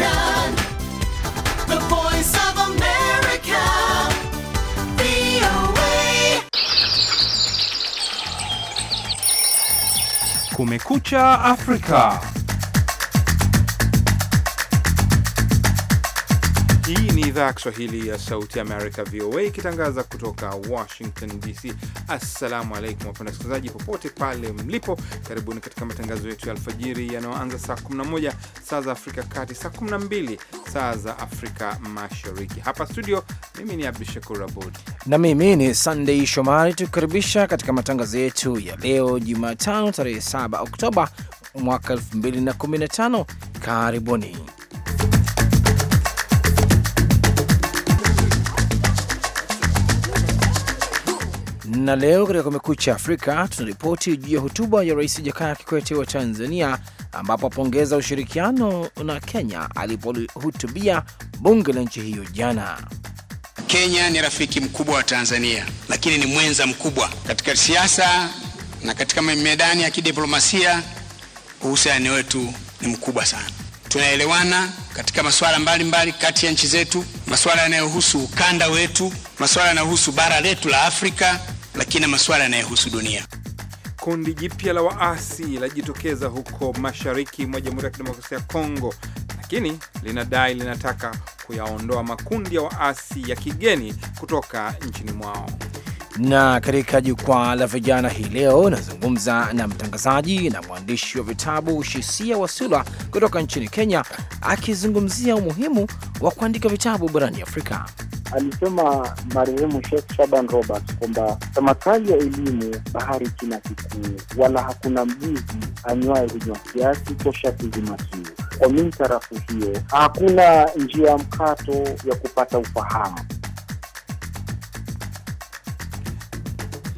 Washington, the voice of America, VOA. Kumekucha Afrika. Hii ni idhaa ya Kiswahili ya Sauti ya Amerika, VOA, ikitangaza kutoka Washington DC. Assalamu alaikum wapenda wasikilizaji, popote pale mlipo, karibuni katika matangazo yetu ya alfajiri yanayoanza saa 11 saa za Afrika Kati, saa 12 saa za Afrika Mashariki. Hapa studio, mimi ni Abdu Shakur Abud na mimi ni Sandei Shomari, tukikaribisha katika matangazo yetu ya leo Jumatano tarehe 7 Oktoba mwaka 2015. Karibuni. Na leo katika Kumekucha Afrika tunaripoti juu ya hotuba ya Rais Jakaya Kikwete wa Tanzania, ambapo apongeza ushirikiano na Kenya alipohutubia bunge la nchi hiyo jana. Kenya ni rafiki mkubwa wa Tanzania, lakini ni mwenza mkubwa katika siasa na katika medani ya kidiplomasia. Uhusiano wetu ni mkubwa sana, tunaelewana katika masuala mbalimbali kati ya nchi zetu, masuala yanayohusu ukanda wetu, masuala yanayohusu bara letu la Afrika lakini masuala yanayohusu dunia. Kundi jipya la waasi lajitokeza huko mashariki mwa Jamhuri ya Kidemokrasia ya Kongo, lakini linadai linataka kuyaondoa makundi ya waasi ya kigeni kutoka nchini mwao. Na katika jukwaa la vijana hii leo nazungumza na mtangazaji na mwandishi wa vitabu Shisia Wasula kutoka nchini Kenya, akizungumzia umuhimu wa kuandika vitabu barani Afrika. Alisema marehemu Sheikh Shaban Robert kwamba samakali ya elimu bahari kina kikuu, wala hakuna mjuzi anywaye hunywa kiasi tosha kuzima kiu. Kwa mintarafu hiyo, hakuna njia mkato ya kupata ufahamu.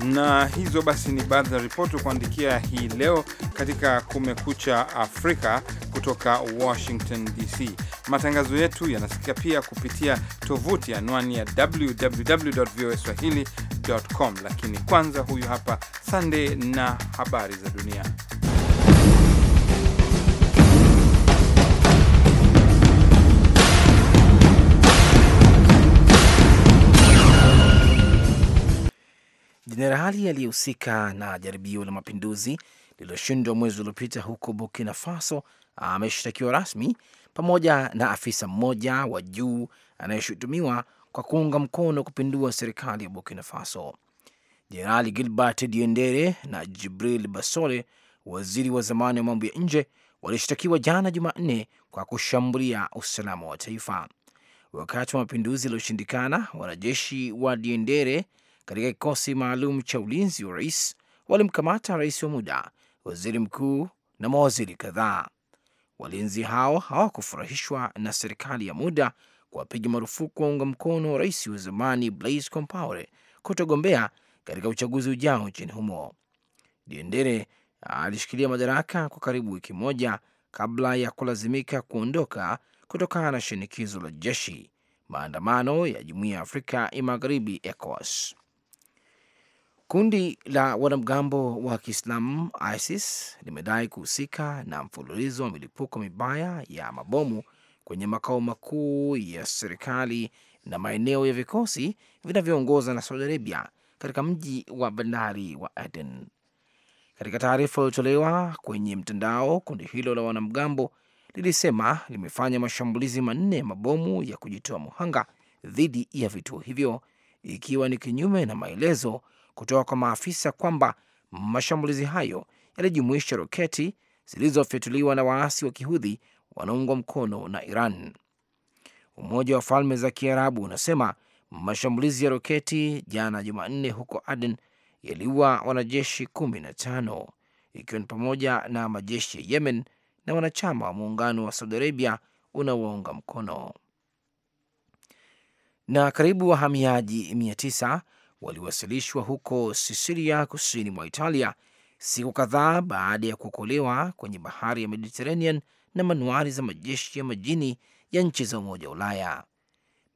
Na hizo basi ni baadhi ya ripoti kuandikia hii leo katika Kumekucha Afrika kutoka Washington DC. Matangazo yetu yanasikika pia kupitia tovuti anwani ya www voa swahili com, lakini kwanza, huyu hapa Sande na habari za dunia. Jenerali aliyehusika na jaribio la mapinduzi lililoshindwa mwezi uliopita huko Burkina Faso ameshtakiwa rasmi pamoja na afisa mmoja wa juu anayeshutumiwa kwa kuunga mkono kupindua serikali ya Burkina Faso. Jenerali Gilbert Diendere na Jibril Basole, waziri wa zamani wa mambo ya nje, walishtakiwa jana Jumanne kwa kushambulia usalama wa taifa wakati wa mapinduzi yaliyoshindikana. Wanajeshi wa Diendere katika kikosi maalum cha ulinzi wa rais walimkamata rais wa muda, waziri mkuu na mawaziri kadhaa. Walinzi hao hawakufurahishwa na serikali ya muda kuwapiga marufuku wa unga mkono wa rais wa zamani Blaise Compaore kutogombea katika uchaguzi ujao nchini humo. Diendere alishikilia madaraka kwa karibu wiki moja kabla ya kulazimika kuondoka kutokana na shinikizo la jeshi. Maandamano ya jumuiya ya Afrika ya Magharibi, ECOWAS. Kundi la wanamgambo wa Kiislamu ISIS limedai kuhusika na mfululizo wa milipuko mibaya ya mabomu kwenye makao makuu ya serikali na maeneo ya vikosi vinavyoongoza na Saudi Arabia katika mji wa bandari wa Aden. Katika taarifa iliyotolewa kwenye mtandao, kundi hilo la wanamgambo lilisema limefanya mashambulizi manne ya mabomu ya kujitoa muhanga dhidi ya vituo hivyo, ikiwa ni kinyume na maelezo kutoka kwa maafisa kwamba mashambulizi hayo yalijumuisha roketi zilizofyatuliwa na waasi wa kihudhi wanaungwa mkono na Iran. Umoja wa Falme za Kiarabu unasema mashambulizi ya roketi jana Jumanne huko Aden yaliua wanajeshi kumi na tano ikiwa ni pamoja na majeshi ya Yemen na wanachama wa muungano wa Saudi Arabia unaowaunga mkono. Na karibu wahamiaji mia tisa waliwasilishwa huko Sisilia, kusini mwa Italia, siku kadhaa baada ya kuokolewa kwenye bahari ya Mediterranean na manuari za majeshi ya majini ya nchi za Umoja wa Ulaya.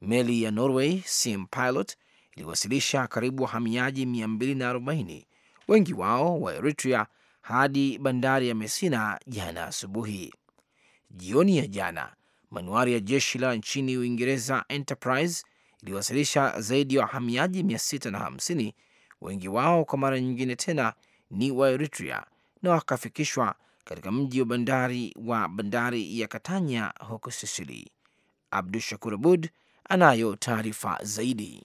Meli ya Norway Siem Pilot iliwasilisha karibu wahamiaji 240 wengi wao wa Eritrea hadi bandari ya Messina jana asubuhi. Jioni ya jana, manuari ya jeshi la nchini Uingereza Enterprise iliwasilisha zaidi ya wa wahamiaji 650 wengi wao kwa mara nyingine tena ni wa Eritrea na wakafikishwa katika mji wa bandari wa bandari ya Katanya huko Sisili. Abdu Shakur Abud anayo taarifa zaidi.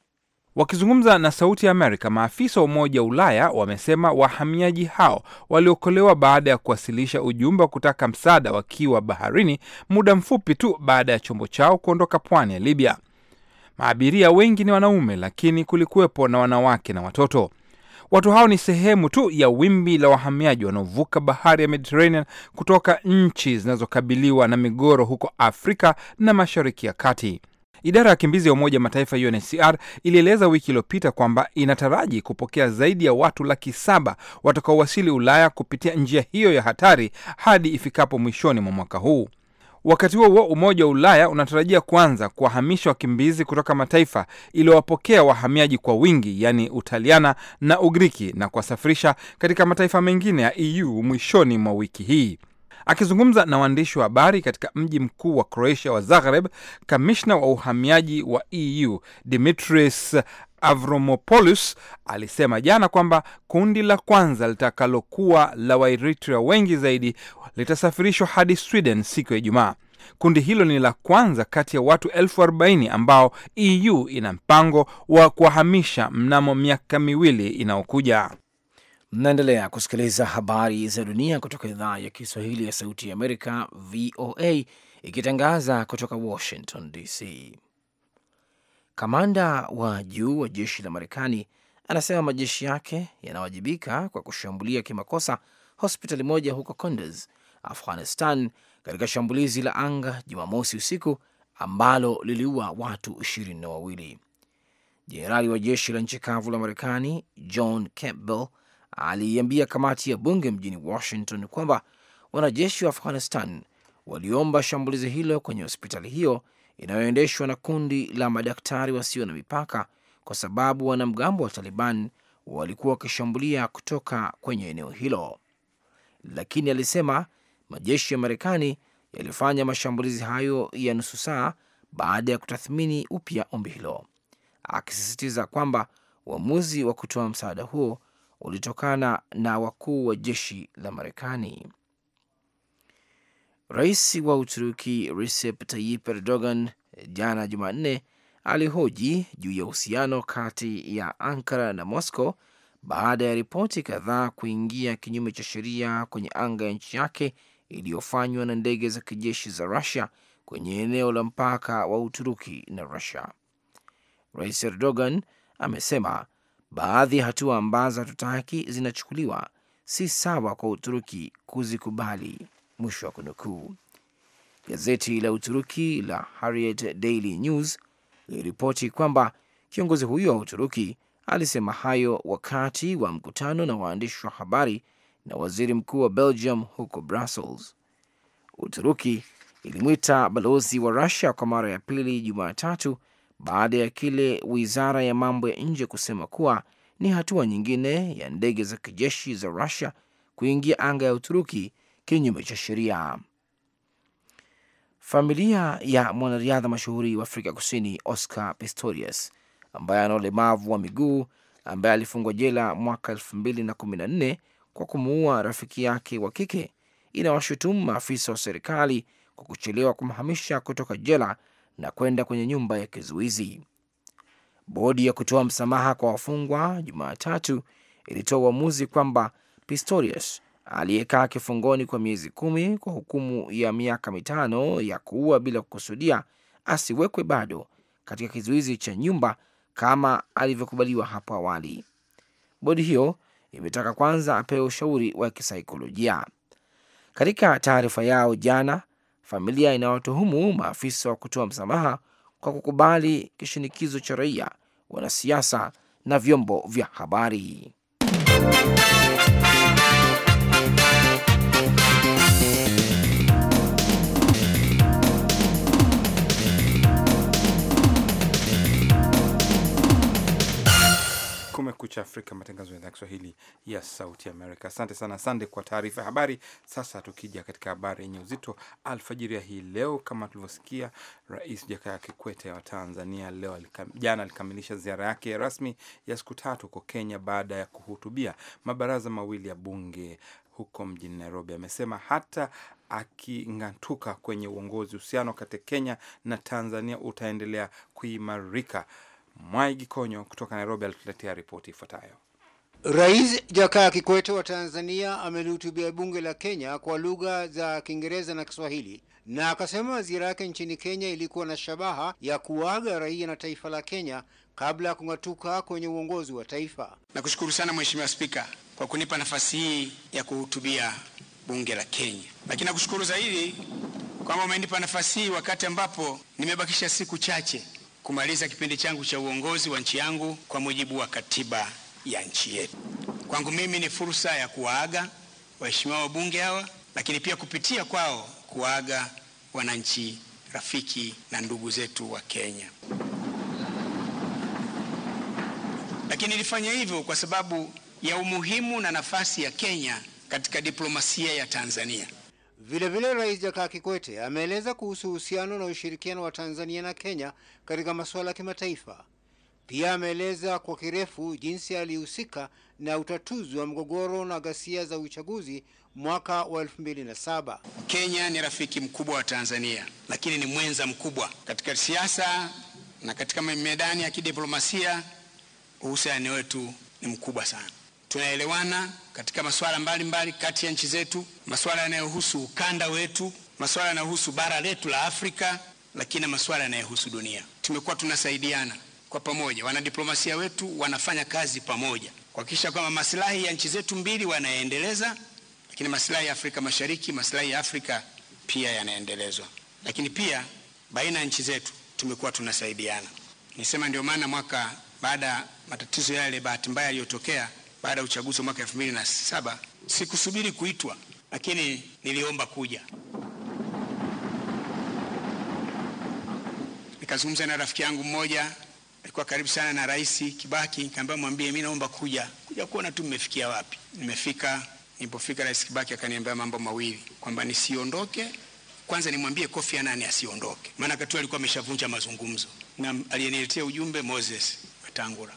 Wakizungumza na Sauti ya Amerika, maafisa wa Umoja wa Ulaya wamesema wahamiaji hao waliokolewa baada ya kuwasilisha ujumbe wa kutaka msaada wakiwa baharini, muda mfupi tu baada ya chombo chao kuondoka pwani ya Libya. Abiria wengi ni wanaume, lakini kulikuwepo na wanawake na watoto. Watu hao ni sehemu tu ya wimbi la wahamiaji wanaovuka bahari ya Mediterranean kutoka nchi zinazokabiliwa na migogoro huko Afrika na Mashariki ya Kati. Idara ya wakimbizi ya Umoja Mataifa UNHCR ilieleza wiki iliyopita kwamba inataraji kupokea zaidi ya watu laki saba watakaowasili Ulaya kupitia njia hiyo ya hatari hadi ifikapo mwishoni mwa mwaka huu. Wakati huo huo, Umoja wa Ulaya unatarajia kuanza kuwahamisha wakimbizi kutoka mataifa iliyowapokea wahamiaji kwa wingi, yaani Utaliana na Ugiriki, na kuwasafirisha katika mataifa mengine ya EU mwishoni mwa wiki hii. Akizungumza na waandishi wa habari katika mji mkuu wa Croatia wa Zagreb, kamishna wa uhamiaji wa EU Dimitris Avromopoulos alisema jana kwamba kundi la kwanza litakalokuwa la Waeritrea wengi zaidi litasafirishwa hadi Sweden siku ya Ijumaa. Kundi hilo ni la kwanza kati ya watu elfu arobaini ambao EU ina mpango wa kuwahamisha mnamo miaka miwili inayokuja. Mnaendelea kusikiliza habari za dunia kutoka idhaa ya Kiswahili ya Sauti ya Amerika, VOA, ikitangaza kutoka Washington DC. Kamanda wa juu wa jeshi la Marekani anasema majeshi yake yanawajibika kwa kushambulia kimakosa hospitali moja huko Kunduz, Afghanistan, katika shambulizi la anga Jumamosi usiku ambalo liliua watu ishirini na wawili. Jenerali wa jeshi la nchi kavu la Marekani John Campbell aliiambia kamati ya bunge mjini Washington kwamba wanajeshi wa Afghanistan waliomba shambulizi hilo kwenye hospitali hiyo inayoendeshwa na kundi la madaktari wasio na mipaka kwa sababu wanamgambo wa Taliban walikuwa wakishambulia kutoka kwenye eneo hilo, lakini alisema majeshi ya Marekani yalifanya mashambulizi hayo ya nusu saa baada ya kutathmini upya ombi hilo, akisisitiza kwamba uamuzi wa kutoa msaada huo ulitokana na wakuu wa jeshi la Marekani. Rais wa Uturuki Recep Tayyip Erdogan eh, jana Jumanne alihoji juu ya uhusiano kati ya Ankara na Moscow baada ya ripoti kadhaa kuingia kinyume cha sheria kwenye anga ya nchi yake iliyofanywa na ndege za kijeshi za Rusia kwenye eneo la mpaka wa Uturuki na Rusia. Rais Erdogan amesema baadhi ya hatua ambazo hatutaki zinachukuliwa si sawa kwa Uturuki kuzikubali mwisho wa kunukuu. Gazeti la Uturuki la Harriet Daily News liliripoti kwamba kiongozi huyo wa Uturuki alisema hayo wakati wa mkutano na waandishi wa habari na waziri mkuu wa Belgium huko Brussels. Uturuki ilimwita balozi wa Rusia kwa mara ya pili Jumatatu baada ya kile wizara ya mambo ya nje kusema kuwa ni hatua nyingine ya ndege za kijeshi za Rusia kuingia anga ya Uturuki kinyume cha sheria. Familia ya mwanariadha mashuhuri wa Afrika Kusini Oscar Pistorius ambaye ana ulemavu wa miguu ambaye alifungwa jela mwaka elfu mbili na kumi na nne kwa kumuua rafiki yake wa kike inawashutumu maafisa wa serikali kwa kuchelewa kumhamisha kutoka jela na kwenda kwenye nyumba ya kizuizi. Bodi ya kutoa msamaha kwa wafungwa Jumatatu ilitoa uamuzi kwamba Pistorius aliyekaa kifungoni kwa miezi kumi kwa hukumu ya miaka mitano ya kuua bila kukusudia asiwekwe bado katika kizuizi cha nyumba kama alivyokubaliwa hapo awali. Bodi hiyo imetaka kwanza apewe ushauri wa kisaikolojia. Katika taarifa yao jana, familia inawatuhumu maafisa wa kutoa msamaha kwa kukubali kishinikizo cha raia, wanasiasa na vyombo vya habari. Kumekucha Afrika, matangazo ya idhaa Kiswahili ya Sauti Amerika. Asante sana Sande kwa taarifa ya habari. Sasa tukija katika habari yenye uzito alfajiri ya hii leo, kama tulivyosikia, Rais Jakaya Kikwete wa Tanzania leo jana alikamilisha ziara yake rasmi ya siku tatu huko Kenya baada ya kuhutubia mabaraza mawili ya bunge huko mjini Nairobi. Amesema hata aking'atuka kwenye uongozi, uhusiano kati ya Kenya na Tanzania utaendelea kuimarika. Mwai Gikonyo kutoka Nairobi alituletea ripoti ifuatayo. Rais Jakaya Kikwete wa Tanzania amelihutubia bunge la Kenya kwa lugha za Kiingereza na Kiswahili na akasema ziara yake nchini Kenya ilikuwa na shabaha ya kuaga raia na taifa la Kenya kabla ya kung'atuka kwenye uongozi wa taifa. Nakushukuru sana Mheshimiwa Spika kwa kunipa nafasi hii ya kuhutubia bunge la Kenya, lakini nakushukuru zaidi kwamba umenipa nafasi hii wakati ambapo nimebakisha siku chache kumaliza kipindi changu cha uongozi wa nchi yangu kwa mujibu wa katiba ya nchi yetu. Kwangu mimi ni fursa ya kuwaaga waheshimiwa wabunge hawa, lakini pia kupitia kwao kuwaaga wananchi rafiki na ndugu zetu wa Kenya. Lakini nilifanya hivyo kwa sababu ya umuhimu na nafasi ya Kenya katika diplomasia ya Tanzania. Vilevile Rais Jakaya Kikwete ameeleza kuhusu uhusiano na ushirikiano wa Tanzania na Kenya katika masuala ya kimataifa. Pia ameeleza kwa kirefu jinsi alihusika na utatuzi wa mgogoro na ghasia za uchaguzi mwaka wa 2007. Kenya ni rafiki mkubwa wa Tanzania, lakini ni mwenza mkubwa katika siasa na katika medani ya kidiplomasia. Uhusiano wetu ni mkubwa sana tunaelewana katika masuala mbalimbali kati ya nchi zetu, masuala yanayohusu ukanda wetu, masuala yanayohusu bara letu la Afrika, lakini na masuala yanayohusu dunia. Tumekuwa tunasaidiana kwa pamoja, wanadiplomasia wetu wanafanya kazi pamoja kuhakikisha kwamba masilahi ya nchi zetu mbili wanaendeleza, lakini masilahi ya Afrika Mashariki, masilahi ya Afrika pia yanaendelezwa. Lakini pia baina ya nchi zetu tumekuwa tunasaidiana. Nisema ndio maana mwaka baada ya matatizo yale bahati mbaya yaliyotokea baada ya uchaguzi wa mwaka 2007 sikusubiri kuitwa, lakini niliomba kuja nikazungumza na rafiki yangu mmoja alikuwa karibu sana na Rais Kibaki, nikamwambia mwambie, mimi naomba kuja kuja kuona tu mmefikia wapi. Nimefika. Nilipofika, Rais Kibaki akaniambia mambo mawili, kwamba nisiondoke kwanza, nimwambie Kofi Annan asiondoke, maana wakati alikuwa ameshavunja mazungumzo, na aliyeniletea ujumbe Moses Wetangula.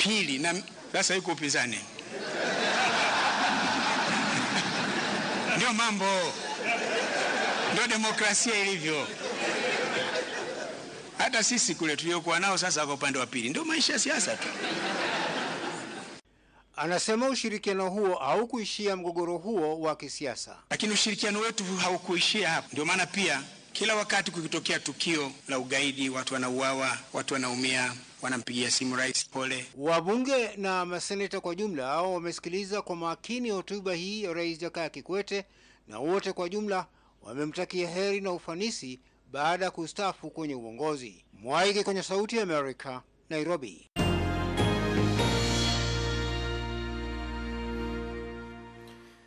pili na sasa yuko upinzani ndio mambo, ndio demokrasia ilivyo. Hata sisi kule tuliokuwa nao sasa kwa upande wa pili, ndio maisha ya siasa tu. Anasema ushirikiano huo haukuishia mgogoro huo wa kisiasa, lakini ushirikiano wetu haukuishia hapo. Ndio maana pia kila wakati kukitokea tukio la ugaidi, watu wanauawa, watu wanaumia, wanampigia simu Rais pole. Wabunge na maseneta kwa jumla wamesikiliza kwa makini hotuba hii ya Rais Jakaya Kikwete na wote kwa jumla wamemtakia heri na ufanisi baada ya kustafu kwenye uongozi. mwaike kwenye Sauti ya Amerika, Nairobi.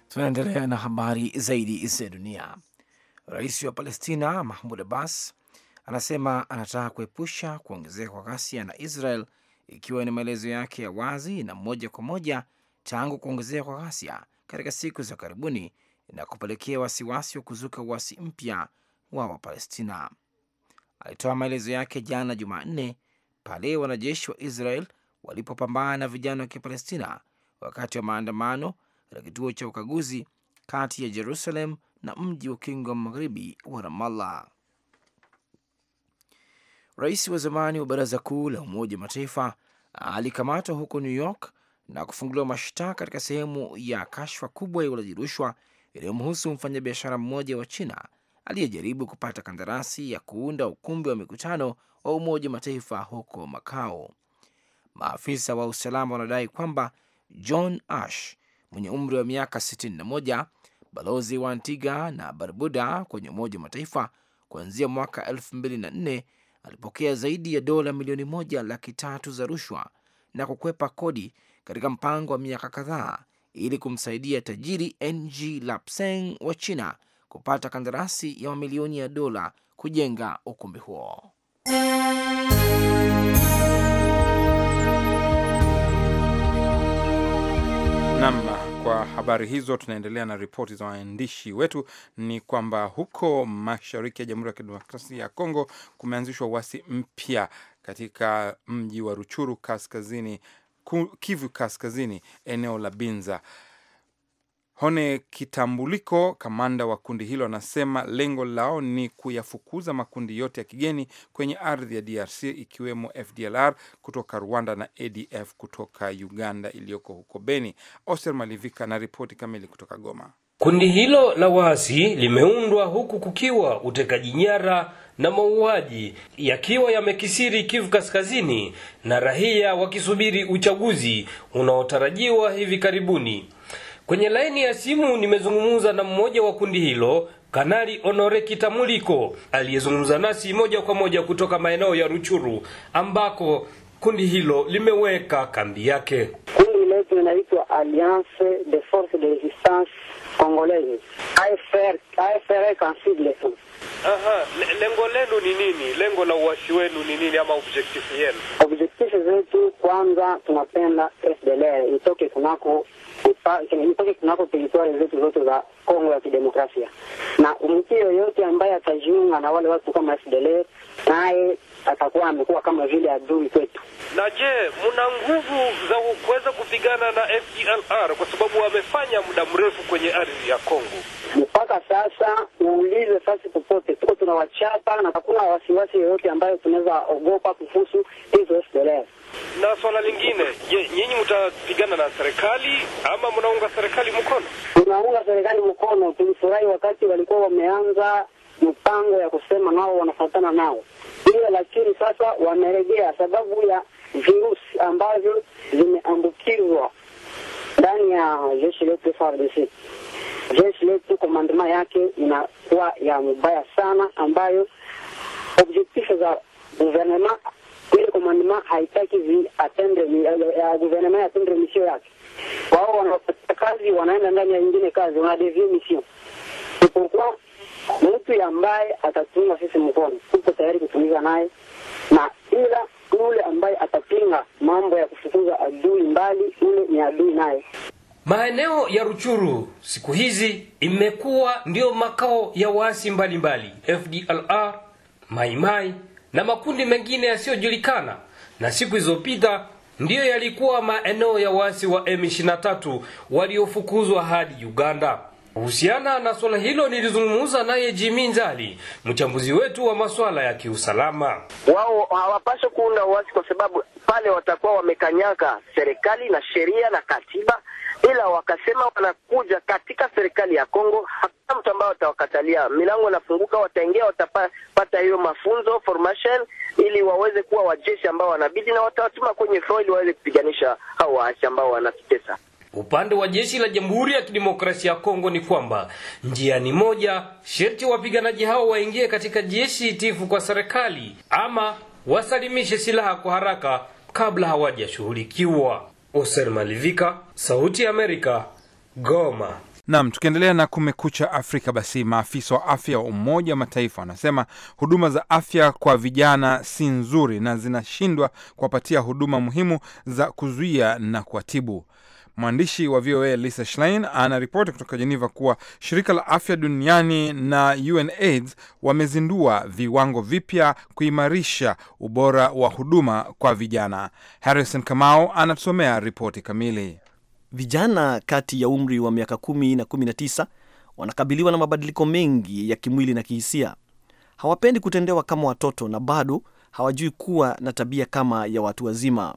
Tunaendelea na habari zaidi za dunia. Rais wa Palestina Mahmud Abbas anasema anataka kuepusha kuongezeka kwa ghasia na Israel, ikiwa ni maelezo yake ya wazi na moja kwa moja tangu kuongezeka kwa ghasia katika siku za karibuni na kupelekea wasiwasi wa kuzuka uasi mpya wa Wapalestina. Alitoa maelezo yake jana Jumanne pale wanajeshi wa Israel walipopambana na vijana wa Kipalestina wakati wa maandamano katika kituo cha ukaguzi kati ya Jerusalem na mji wa kingo wa magharibi wa Ramallah. Rais wa zamani wa Baraza Kuu la Umoja wa Mataifa alikamatwa huko New York na kufunguliwa mashtaka katika sehemu ya kashfa kubwa ya ulaji rushwa iliyomhusu mfanyabiashara mmoja wa China aliyejaribu kupata kandarasi ya kuunda ukumbi wa mikutano wa Umoja wa Mataifa huko Makao. Maafisa wa usalama wanadai kwamba John Ash mwenye umri wa miaka 61, balozi wa Antigua na Barbuda kwenye Umoja wa Mataifa kuanzia mwaka 2004 alipokea zaidi ya dola milioni moja laki tatu za rushwa na kukwepa kodi katika mpango wa miaka kadhaa ili kumsaidia tajiri NG Lapseng wa China kupata kandarasi ya mamilioni ya dola kujenga ukumbi huo. Namba habari hizo, tunaendelea na ripoti za waandishi wetu. Ni kwamba huko mashariki ya Jamhuri ya Kidemokrasia ya Kongo kumeanzishwa uasi mpya katika mji wa Ruchuru, kaskazini Kivu Kaskazini, eneo la Binza hone kitambuliko. Kamanda wa kundi hilo anasema lengo lao ni kuyafukuza makundi yote ya kigeni kwenye ardhi ya DRC ikiwemo FDLR kutoka Rwanda na ADF kutoka Uganda iliyoko huko Beni. Oster Malivika na ripoti kamili kutoka Goma. Kundi hilo la waasi limeundwa huku kukiwa utekaji nyara na mauaji yakiwa yamekisiri Kivu Kaskazini na raia wakisubiri uchaguzi unaotarajiwa hivi karibuni. Kwenye laini ya simu nimezungumza na mmoja wa kundi hilo, Kanali Honore Kitamuliko aliyezungumza nasi moja kwa moja kutoka maeneo ya Ruchuru ambako kundi hilo limeweka kambi yake. Kundi letu linaitwa Alliance de Force de Resistance Congolaise, AFR, AFR Kansible. Aha, lengo lenu ni nini? Lengo la uwashi wenu ni nini ama objective yenu? Objective zetu, kwanza tunapenda itoke kunako kunako ile zetu zote za Kongo ya Kidemokrasia, na mtu yoyote ambaye atajiunga na wale watu kama FDLR naye atakuwa amekuwa kama vile adui kwetu. Na je, mna nguvu za kuweza kupigana na FDLR kwa sababu wamefanya muda mrefu kwenye ardhi ya Kongo? Mpaka sasa uulize fasi popote, tuko tunawachapa na hakuna wasiwasi yoyote ambayo tunaweza ogopa kuhusu hizo FDLR. Na swala lingine, nyinyi mtapigana na serikali ama mnaunga serikali mkono? Tunaunga serikali mkono. Tulifurahi wakati walikuwa wameanza mpango ya kusema nao wanafuatana nao, ila lakini sasa wamerejea sababu ya virusi ambavyo zimeambukizwa ndani ya jeshi letu FARDC. Jeshi letu komandema yake inakuwa ya mbaya sana, ambayo objektifu za guvernema kule komandma haitaki vi atende guvernema atende misio yake. Wao wanapata kazi, wanaenda ndani ya nyingine kazi, wanadevie misio. Isipokuwa mtu ambaye atatunga sisi mkono, tuko tayari kutumiza naye, na ila yule ambaye atapinga mambo ya kufukuza adui mbali, ule ni adui naye. Maeneo ya Ruchuru siku hizi imekuwa ndio makao ya waasi mbalimbali FDLR, Maimai mai, na makundi mengine yasiyojulikana, na siku zilizopita ndiyo yalikuwa maeneo ya wasi wa M23 waliofukuzwa hadi Uganda. Kuhusiana na swala hilo nilizungumza naye Jimmy Njali, mchambuzi wetu wa masuala ya kiusalama. Wao hawapaswi kuunda uasi, kwa sababu pale watakuwa wamekanyaka serikali na sheria na katiba ila wakasema wanakuja katika serikali ya Kongo, hakuna mtu ambaye watawakatalia. Milango inafunguka, wataingia, watapata hiyo mafunzo formation, ili waweze kuwa wajeshi ambao wanabidi, na watawatuma kwenye front ili waweze kupiganisha hao waasi ambao wanatutesa. Upande wa jeshi la Jamhuri ya Kidemokrasia ya Kongo ni kwamba njia ni moja, sherti wapiganaji hao waingie katika jeshi itifu kwa serikali ama wasalimishe silaha kwa haraka kabla hawajashughulikiwa. Oser Malivika, Sauti ya Amerika, Goma. Nam, tukiendelea na Kumekucha Afrika, basi maafisa wa afya wa Umoja wa Mataifa wanasema huduma za afya kwa vijana si nzuri na zinashindwa kuwapatia huduma muhimu za kuzuia na kuwatibu. Mwandishi wa VOA Lisa Schlein anaripoti kutoka Jeneva kuwa shirika la afya duniani na UNAIDS wamezindua viwango vipya kuimarisha ubora wa huduma kwa vijana. Harrison Kamau anatusomea ripoti kamili. Vijana kati ya umri wa miaka 10 na 19 wanakabiliwa na mabadiliko mengi ya kimwili na kihisia. Hawapendi kutendewa kama watoto na bado hawajui kuwa na tabia kama ya watu wazima.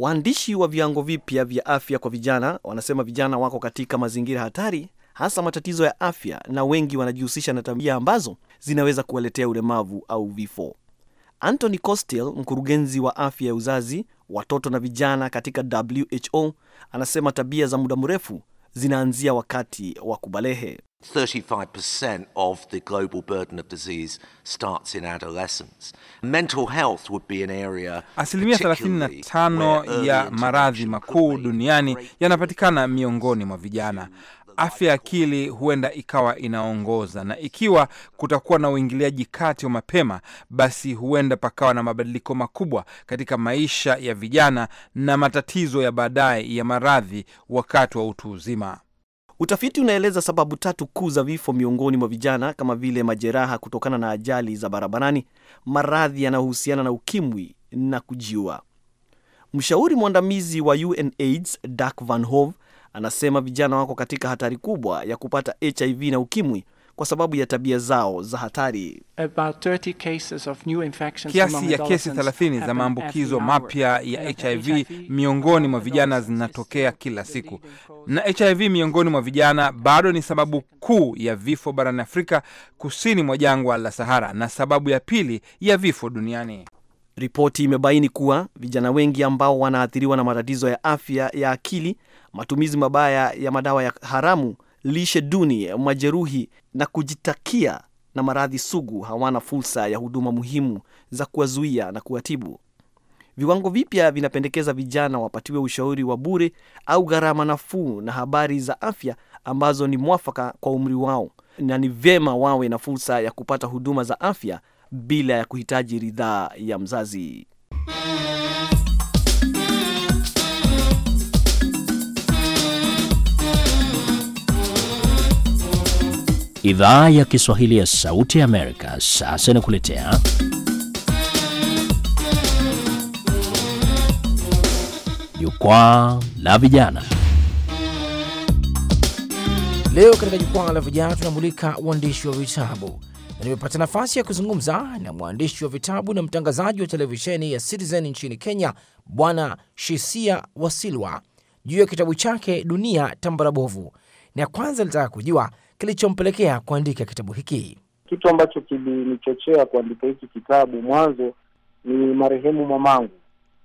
Waandishi wa viwango vipya vya afya kwa vijana wanasema vijana wako katika mazingira hatari, hasa matatizo ya afya, na wengi wanajihusisha na tabia ambazo zinaweza kuwaletea ulemavu au vifo. Anthony costel mkurugenzi wa afya ya uzazi, watoto na vijana katika WHO, anasema tabia za muda mrefu zinaanzia wakati wa kubalehe. 35% of the global burden of disease starts in adolescence. Mental health would be an area. Asilimia 35 ya maradhi makuu duniani yanapatikana miongoni mwa vijana afya ya akili huenda ikawa inaongoza, na ikiwa kutakuwa na uingiliaji kati wa mapema, basi huenda pakawa na mabadiliko makubwa katika maisha ya vijana na matatizo ya baadaye ya maradhi wakati wa utu uzima. Utafiti unaeleza sababu tatu kuu za vifo miongoni mwa vijana kama vile majeraha kutokana na ajali za barabarani, maradhi yanayohusiana na ukimwi na kujiua. Mshauri mwandamizi wa UNAIDS Dak Van Hove Anasema vijana wako katika hatari kubwa ya kupata HIV na ukimwi kwa sababu ya tabia zao za hatari. Kiasi ya kesi 30 za maambukizo mapya ya HIV miongoni mwa vijana zinatokea kila siku, na HIV miongoni mwa vijana bado ni sababu kuu ya vifo barani Afrika kusini mwa jangwa la Sahara na sababu ya pili ya vifo duniani. Ripoti imebaini kuwa vijana wengi ambao wanaathiriwa na matatizo ya afya ya akili, matumizi mabaya ya madawa ya haramu, lishe duni, majeruhi na kujitakia na maradhi sugu hawana fursa ya huduma muhimu za kuwazuia na kuwatibu. Viwango vipya vinapendekeza vijana wapatiwe ushauri wa bure au gharama nafuu na habari za afya ambazo ni mwafaka kwa umri wao, na ni vyema wawe na fursa ya kupata huduma za afya bila ya kuhitaji ridhaa ya mzazi. Idhaa ya Kiswahili ya Sauti ya Amerika sasa inakuletea Jukwaa la Vijana. Leo katika Jukwaa la Vijana tunamulika uandishi wa vitabu na nimepata nafasi ya kuzungumza na mwandishi wa vitabu na mtangazaji wa televisheni ya Citizen nchini Kenya, Bwana Shisia Wasilwa juu ya kitabu chake Dunia Tambarabovu, na kwanza nilitaka kujua kilichompelekea kuandika kitabu hiki. Kitu ambacho kilinichochea kuandika hiki kitabu mwanzo ni marehemu mamangu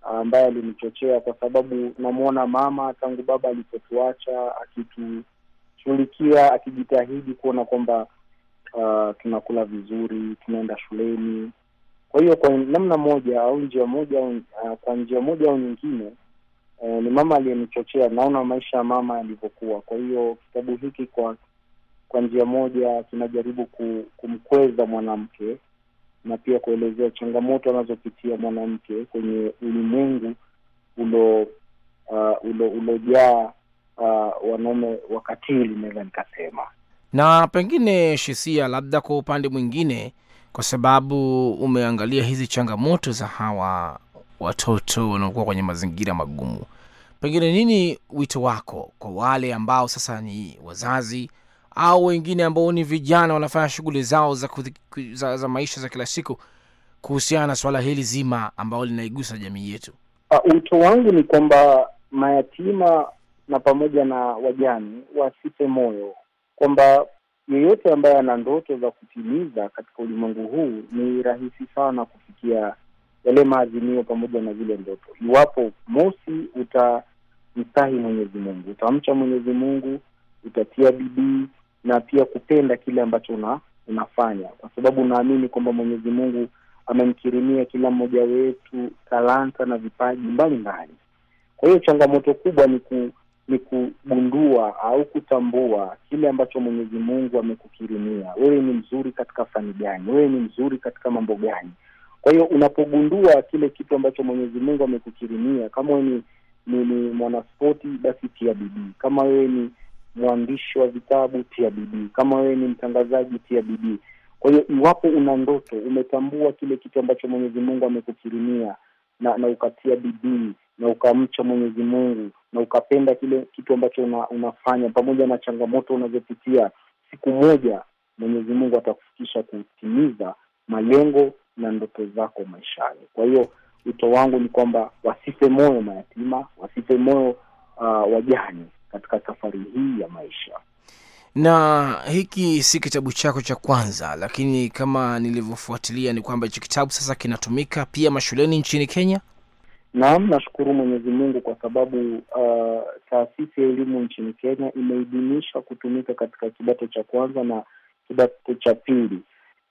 ambaye alinichochea kwa sababu namwona mama tangu baba alipotuacha akitushughulikia, akijitahidi kuona kwamba uh, tunakula vizuri, tunaenda shuleni. Kwa hiyo kwa namna moja au njia moja uh, kwa njia moja au nyingine uh, ni mama aliyenichochea. Naona maisha ya mama yalivyokuwa. Kwa hiyo kitabu hiki kwa kwa njia moja kinajaribu kumkweza mwanamke na pia kuelezea changamoto anazopitia mwanamke kwenye ulimwengu ulo uh, ulojaa uh, wanaume wakatili, naweza nikasema na pengine Shisia, labda kwa upande mwingine, kwa sababu umeangalia hizi changamoto za hawa watoto wanaokuwa kwenye mazingira magumu, pengine nini wito wako kwa wale ambao sasa ni wazazi au wengine ambao ni vijana wanafanya shughuli zao za, kuthi, za, za maisha za kila siku kuhusiana na suala hili zima ambalo linaigusa jamii yetu? Ah, wito wangu ni kwamba mayatima na pamoja na wajani wasipe moyo kwamba yeyote ambaye ana ndoto za kutimiza katika ulimwengu huu ni rahisi sana kufikia yale maazimio pamoja na zile ndoto, iwapo mosi, utamstahi Mwenyezi Mungu, utamcha Mwenyezi Mungu, utatia bidii na pia kupenda kile ambacho una, unafanya, kwa sababu unaamini kwamba Mwenyezi Mungu amemkirimia kila mmoja wetu talanta na vipaji mbalimbali. Kwa hiyo changamoto kubwa ni ku ni kugundua au kutambua kile ambacho Mwenyezi Mungu amekukirimia wewe. Ni mzuri katika fani gani? Wewe ni mzuri katika mambo gani? Kwa hiyo unapogundua kile kitu ambacho Mwenyezi Mungu amekukirimia, kama wewe ni, ni, ni mwanaspoti basi tia bidii. Kama wewe ni mwandishi wa vitabu tia bidii. Kama wewe ni mtangazaji tia bidii. Kwa hiyo iwapo una ndoto, umetambua kile kitu ambacho Mwenyezi Mungu amekukirimia na, na ukatia bidii na ukamcha Mwenyezi Mungu na ukapenda kile kitu ambacho una, unafanya pamoja na changamoto unazopitia, siku moja Mwenyezi Mungu atakufikisha kutimiza malengo na ndoto zako maishani. Kwa hiyo wito wangu ni kwamba wasife moyo mayatima, wasife moyo uh, wajani katika safari hii ya maisha. Na hiki si kitabu chako cha kwanza, lakini kama nilivyofuatilia ni kwamba hicho kitabu sasa kinatumika pia mashuleni nchini Kenya. Naam, nashukuru Mwenyezi Mungu kwa sababu uh, taasisi ya elimu nchini Kenya imeidhinisha kutumika katika kidato cha kwanza na kidato cha pili,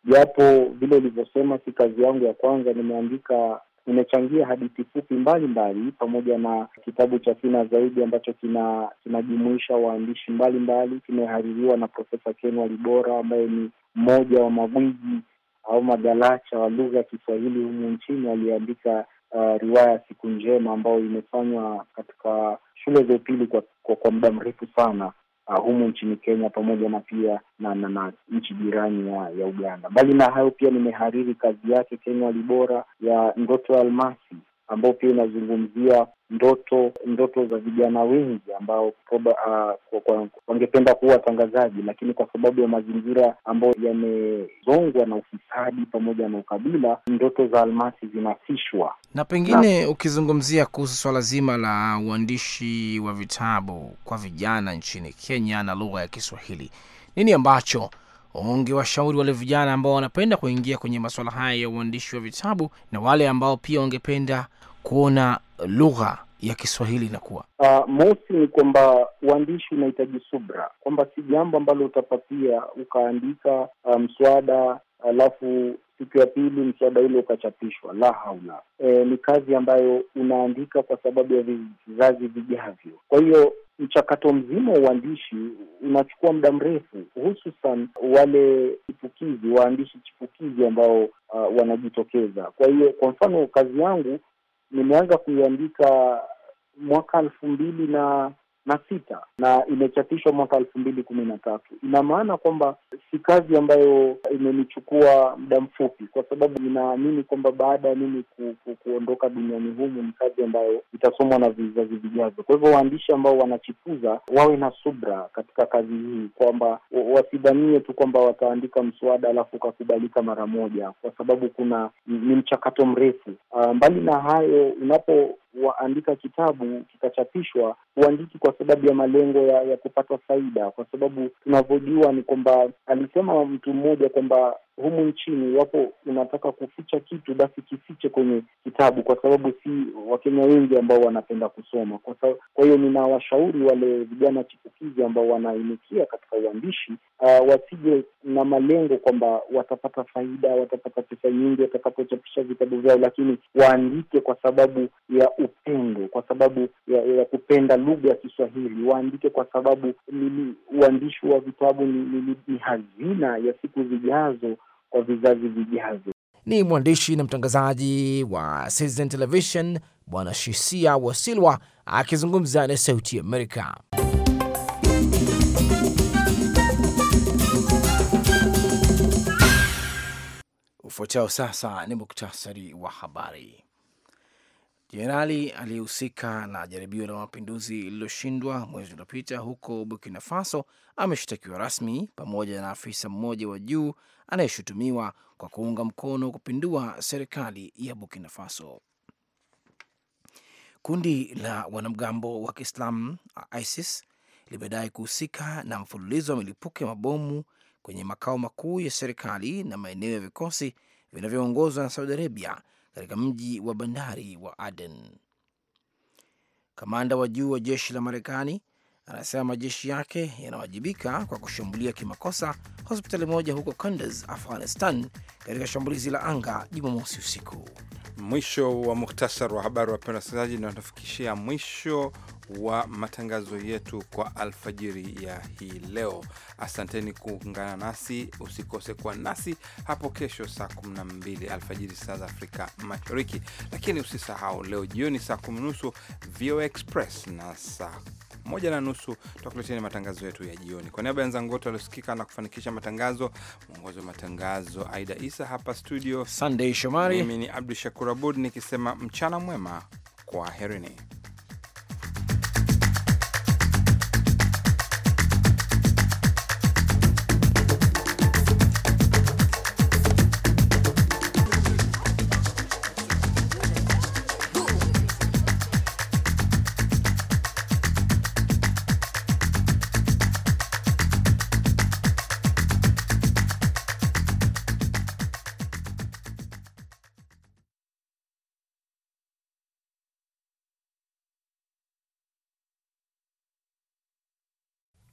japo vile ulivyosema si kazi yangu ya kwanza. Nimeandika, nimechangia hadithi fupi mbalimbali pamoja na kitabu cha kina zaidi ambacho kina kinajumuisha waandishi mbalimbali. Kimehaririwa na Profesa Ken Walibora ambaye ni mmoja wa magwiji au magalacha wa lugha ya Kiswahili humu nchini aliyeandika uh, riwaya ya Siku Njema ambayo imefanywa katika shule za upili kwa, kwa, kwa muda mrefu sana uh, humu nchini Kenya pamoja na pia na, na, na nchi jirani ya, ya Uganda. Mbali na hayo pia nimehariri kazi yake Kenya Libora ya Ndoto ya Almasi ambao pia inazungumzia ndoto ndoto za vijana wengi ambao uh, wangependa kuwa watangazaji, lakini kwa sababu ya mazingira ambayo yamezongwa na ufisadi pamoja na ukabila, ndoto za almasi zinafishwa. Na pengine na, ukizungumzia kuhusu swala zima la uandishi wa vitabu kwa vijana nchini Kenya na lugha ya Kiswahili, nini ambacho ungewashauri wale vijana ambao wanapenda kuingia kwenye masuala haya ya uandishi wa vitabu na wale ambao pia wangependa kuona lugha ya Kiswahili inakuwa? Uh, mosi ni kwamba uandishi unahitaji subra, kwamba si jambo ambalo utapatia ukaandika ah, mswada um, alafu siku ya pili mswada ule ukachapishwa. La haula! E, ni kazi ambayo unaandika kwa sababu ya vizazi vijavyo. Kwa hiyo mchakato mzima wa uandishi unachukua muda mrefu, hususan wale chipukizi, waandishi chipukizi ambao uh, wanajitokeza. Kwa hiyo kwa mfano kazi yangu nimeanza kuiandika mwaka elfu mbili na na sita na imechapishwa mwaka elfu mbili kumi na tatu. Ina maana kwamba si kazi ambayo imenichukua muda mfupi, kwa sababu ninaamini kwamba baada ya mimi ku, ku, kuondoka duniani humu ni kazi ambayo itasomwa na vizazi vijavyo. Kwa hivyo waandishi ambao wanachipuza wawe na subra katika kazi hii, kwamba wasidhanie tu kwamba wataandika mswada alafu ukakubalika mara moja, kwa sababu kuna ni mchakato mrefu. Ah, mbali na hayo, unapo waandika kitabu kikachapishwa, huandiki kwa sababu ya malengo ya, ya kupata faida, kwa sababu tunavyojua ni kwamba alisema mtu mmoja kwamba humu nchini wapo, unataka kuficha kitu basi kifiche kwenye kitabu, kwa sababu si Wakenya wengi ambao wanapenda kusoma. Kwa sababu, kwa hiyo ninawashauri wale vijana chipukizi ambao wanainukia katika uandishi uh, wasije na malengo kwamba watapata faida, watapata pesa nyingi watakapochapisha vitabu vyao, lakini waandike kwa sababu ya upendo, kwa sababu ya, ya kupenda lugha ya Kiswahili. Waandike kwa sababu uandishi wa vitabu ni, ni, ni hazina ya siku zijazo kwa vizazi vijavyo. Ni mwandishi na mtangazaji wa Citizen Television Bwana Shisia Wasilwa akizungumza na Sauti Amerika. Ufuatao sasa ni muktasari wa habari. Jenerali aliyehusika na jaribio la mapinduzi lililoshindwa mwezi uliopita huko Burkina Faso ameshtakiwa rasmi pamoja na afisa mmoja wa juu anayeshutumiwa kwa kuunga mkono kupindua serikali ya Burkina Faso. Kundi la wanamgambo wa Kiislamu ISIS limedai kuhusika na mfululizo wa milipuko ya mabomu kwenye makao makuu ya serikali na maeneo ya vikosi vinavyoongozwa na Saudi Arabia katika mji wa bandari wa Aden. Kamanda wa juu wa jeshi la Marekani anasema majeshi yake yanawajibika kwa kushambulia kimakosa hospitali moja huko Kunduz, Afghanistan, katika shambulizi la anga Jumamosi usiku. Mwisho wa muhtasar wa habari, wapenda wasikilizaji, na tunafikishia mwisho wa matangazo yetu kwa alfajiri ya hii leo. Asanteni kuungana nasi, usikose kuwa nasi hapo kesho saa 12 alfajiri saa za Afrika Mashariki, lakini usisahau leo jioni saa kumi nusu VOA Express na saa moja na nusu tutakuletea matangazo yetu ya jioni. Kwa niaba ya wenzangu wote waliosikika na kufanikisha matangazo, mwongozi wa matangazo Aida Isa, hapa studio Sunday Shomari, mimi ni Abdu Shakur Abud nikisema mchana mwema, kwa herini